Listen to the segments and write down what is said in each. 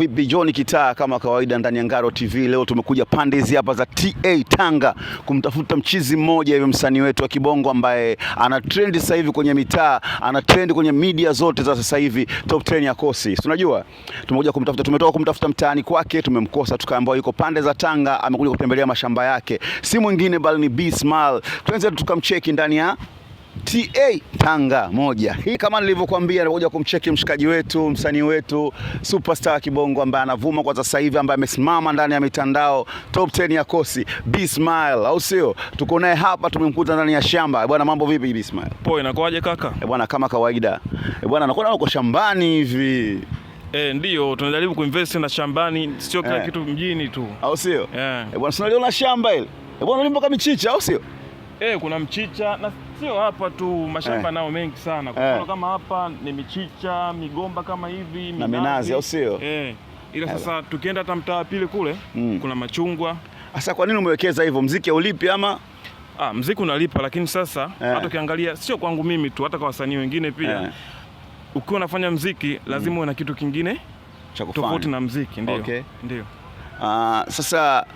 Vipi John Kitaa, kama kawaida ndani ya Ngaro TV. Leo tumekuja pande hizi hapa za TA Tanga kumtafuta mchizi mmoja hivi, msanii wetu wa kibongo ambaye ana trend sasa hivi kwenye mitaa, ana trend kwenye media zote za sasa hivi, top 10 ya kosi. Tunajua tumekuja kumtafuta, tumetoka kumtafuta mtaani kwake, tumemkosa, tukaambiwa yuko pande za Tanga, amekuja kutembelea mashamba yake, si mwingine bali ni Small. Tuanze tukamcheki ndani ya TA Tanga moja. Hii kama nilivyokuambia, nilikuja kumcheki mshikaji wetu, msanii wetu, superstar kibongo ambaye anavuma kwa sasa hivi, ambaye amesimama ndani ya mitandao top 10 ya kosi B Smile, au sio? Tuko naye hapa, tumemkuta ndani ya shamba. Bwana, mambo vipi B Smile? Poa, inakuaje kaka? Eh, bwana, kama kawaida. Eh, bwana, nakuona uko shambani hivi. E, ndio tunajaribu kuinvest na shambani, sio kila e, kitu mjini tu, au sio? Eh bwana, tunaliona shamba hili. E, bwana, ulimpa michicha, au sio? Eh, kuna mchicha na sio hapa tu, mashamba eh, nao mengi sana kwa eh. mfano eh, kama hapa ni michicha, migomba kama hivi na minazi, au sio eh? Ila sasa tukienda hata mtaa pili kule mm, kuna machungwa. Sasa kwa nini umewekeza hivyo? Mziki ulipi ama Ah, mziki unalipa lakini sasa eh. hata yeah. ukiangalia sio kwangu mimi tu, hata kwa wasanii wengine pia yeah. ukiwa unafanya mziki lazima mm, uwe na kitu kingine cha kufanya tofauti na mziki. Ndio, okay. Ndio. Ah, sasa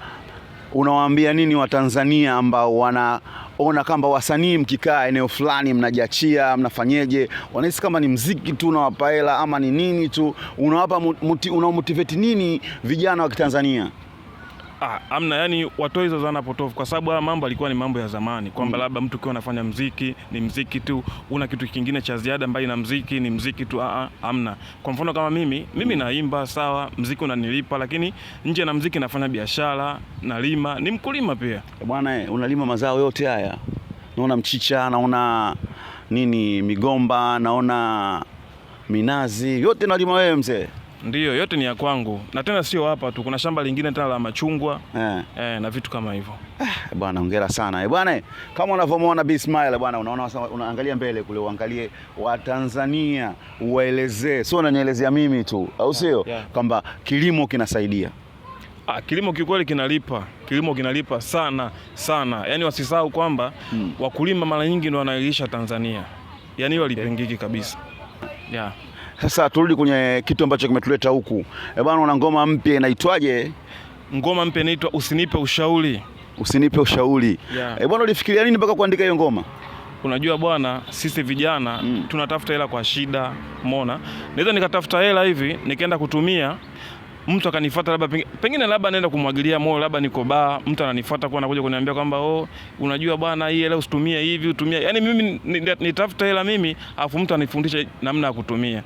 unawaambia nini Watanzania ambao wanaona kwamba wasanii mkikaa eneo fulani mnajiachia, mnafanyeje? Wanahisi kama ni mziki tu unawapa hela ama ni nini tu, unawapa unawamotivate nini vijana wa Kitanzania? Ah, amna yani watoe hizo zana potofu kwa sababu haya mambo alikuwa ni mambo ya zamani kwamba mm. labda mtu ukiwa anafanya mziki ni mziki tu, una kitu kingine cha ziada mbali na mziki, ni mziki tu ah, ah, amna. Kwa mfano kama mimi, mimi mm. naimba sawa, mziki unanilipa, lakini nje na mziki nafanya biashara, nalima, ni mkulima pia. Eh, bwana, eh, unalima mazao yote haya. Naona mchicha, naona nini, migomba, naona minazi, yote nalima wewe mzee. Ndiyo, yote ni ya kwangu na tena sio hapa tu, kuna shamba lingine tena la machungwa eh, eh na vitu kama hivyo eh, bwana hongera sana eh, bwana kama unavyomwona Bi Smile bwana, unaona unaangalia mbele kule, uangalie Watanzania, uwaelezee, sio unanielezea mimi tu, au sio? yeah. kwamba kilimo kinasaidia Ah, kilimo kiukweli kinalipa, kilimo kinalipa sana sana, yaani wasisahau kwamba hmm. wakulima mara nyingi ndio wanailisha Tanzania, yaani hiyo kabisa yeah. Sasa turudi kwenye kitu ambacho kimetuleta huku. Eh bwana, una ngoma mpya inaitwaje? Ngoma mpya inaitwa Usinipe Ushauri. Usinipe Ushauri. Yeah. Eh bwana, ulifikiria nini mpaka kuandika hiyo ngoma? Unajua bwana, sisi vijana mm. tunatafuta hela kwa shida, umeona? Naweza nikatafuta hela hivi nikaenda kutumia mtu akanifuata labda pengine labda naenda kumwagilia moyo labda niko baa, mtu ananifuata kwa anakuja kuniambia kwamba oh, unajua bwana, hii hela usitumie hivi, utumie. yani. mimi nitafuta hela mimi, afu mtu anifundishe namna ya kutumia.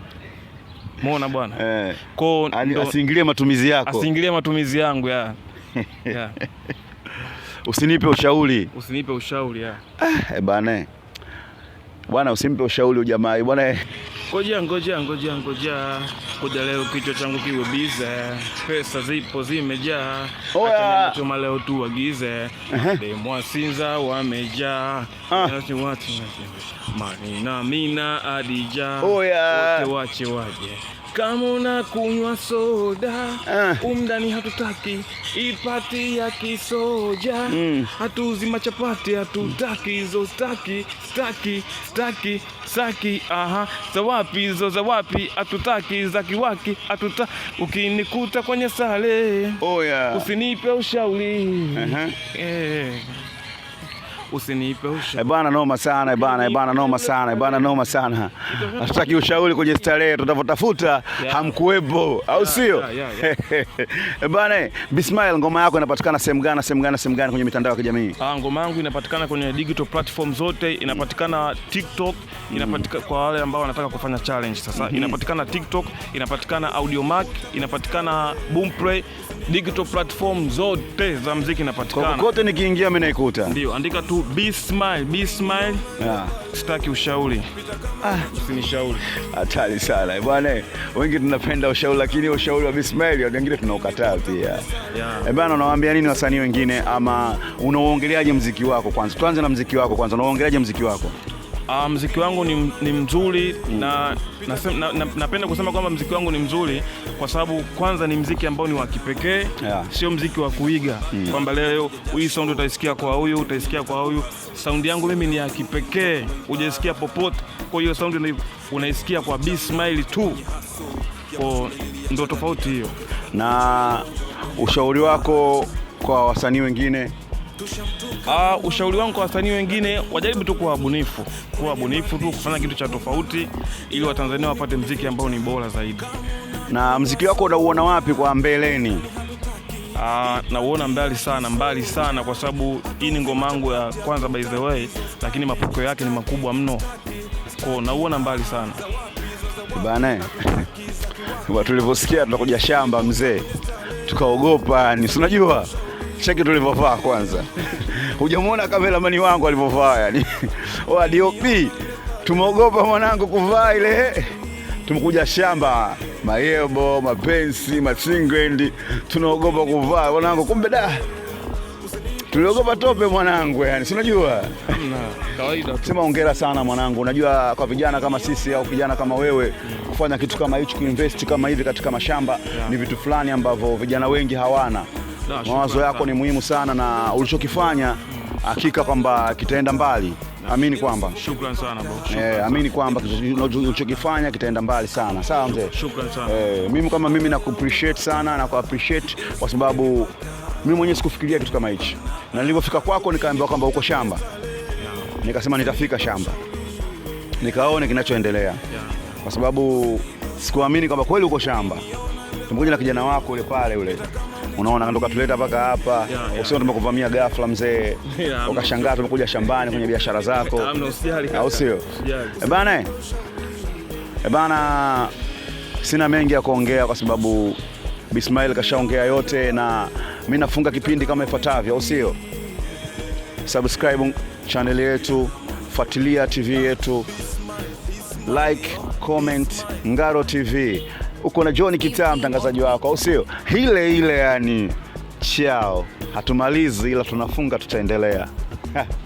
Umeona bwana eh. Kwao asiingilie matumizi yako, asiingilie matumizi yangu ya yeah. Usinipe ushauri, usinipe ushauri ya. Eh, bwana bwana, usinipe ushauri ujamaa bwana. Ngoja ngoja ngoja ngoja, kuja leo kichwa changu kiwe bize, pesa zipo zimejaa, choma leo tu agize demwasinza wamejaa ah. watu na mina adija wote wache waje kama unakunywa soda ah, umdani hatutaki ipati ya kisoja mm, Hatuzi machapati hatutaki zo staki staki staki saki aha zawapi zo zawapi hatutaki za kiwaki hatuta ukinikuta kwenye sale oh, yeah, usinipe ushauri uh -huh. yeah usiniipe ushauri. Eh, bwana noma sana eh, bwana, eh, bwana noma sana bwana, noma sana. Hatutaki ushauri kwenye starehe, tutavotafuta hamkuwepo, au sio? Bwana Bismail, ngoma yako inapatikana sehemu gani? Sehemu gani? Sehemu gani kwenye mitandao ya kijamii? Ah, ngoma yangu inapatikana kwenye digital platform zote, inapatikana TikTok, mm-hmm. inapatikana kwa wale ambao wanataka kufanya challenge sasa, mm-hmm. inapatikana TikTok, inapatikana Mac, inapatikana Boomplay digital platform zote za mziki inapatikana. kote, nikiingia mimi naikuta. Ndio, andika tu Be Smile, Be Smile. Ah. Sitaki ushauri. Ah, usinishauri. Hatari sana. Bwana, wengi tunapenda ushauri lakini ushauri wa Be Smile wengine tunaukataa pia. Yeah. Eh, bwana unawaambia nini wasanii wengine ama unauongeleaje mziki wako kwanza? Tuanze na mziki wako kwanza. Unaongeleaje mziki wako? Uh, mziki wangu ni, ni mzuri na napenda na, na, na kusema kwamba mziki wangu ni mzuri kwa sababu kwanza ni mziki ambao ni wa kipekee yeah. Sio mziki wa kuiga mm. Kwamba leo hii sound utaisikia kwa huyu utaisikia kwa huyu. Sound yangu mimi ni ya kipekee, hujaisikia popote. Kwa hiyo sound unaisikia kwa Smile tu, kwa ndo tofauti hiyo. Na ushauri wako kwa wasanii wengine Uh, ushauri wangu kwa wasanii wengine wajaribu tu kuwa wabunifu, kuwa wabunifu tu, kufanya kitu cha tofauti ili Watanzania wapate mziki ambao ni bora zaidi. Na mziki wako unauona wapi kwa mbeleni? Uh, nauona mbali sana, mbali sana, kwa sababu hii ni ngoma yangu ya kwanza by the way, lakini mapokeo yake ni makubwa mno, kwa nauona mbali sana bana. Tulivyosikia tunakuja shamba mzee, tukaogopa ni si unajua cheki tulivyovaa kwanza. Hujamwona kameramani wangu alivyovaa, yani wa DOP tumeogopa mwanangu kuvaa ile tumekuja shamba mayebo mapensi masingwendi, tunaogopa kuvaa mwanangu. Kumbe da tuliogopa tope mwanangu, yani si unajua kawaida. Sema ongera sana mwanangu, unajua kwa vijana kama sisi au vijana kama wewe kufanya kitu kama hicho, kuinvest kama hivi katika mashamba yeah, ni vitu fulani ambavyo vijana wengi hawana mawazo yako ni muhimu sana na ulichokifanya hakika kwamba kitaenda mbali. Amini kwamba shukrani sana bro. Eh, amini kwamba ulichokifanya kitaenda mbali sana. Sawa mzee, shukrani sana. Eh, mimi kama mimi naku appreciate sana na ku appreciate kwa sababu mimi mwenyewe sikufikiria kitu kama hichi, na nilipofika kwako nikaambiwa kwamba uko shamba, nikasema nitafika shamba nikaone kinachoendelea, kwa sababu sikuamini kwamba kweli uko shamba. Tumekuja na kijana wako ule pale ule unaona, ndo katuleta mpaka hapa yeah, usio tumekuvamia ghafla mzee, yeah, ukashangaa tumekuja shambani kwenye biashara zako au sio? Ebana, eh, ebana, eh, sina mengi ya kuongea kwa sababu Bismail kashaongea yote, na mi nafunga kipindi kama ifuatavyo, au sio? Subscribe channel yetu, fuatilia TV yetu, like, comment Ngaro TV uko na John Kitaa mtangazaji wako, au sio? Ile ile yani chao, hatumalizi ila tunafunga, tutaendelea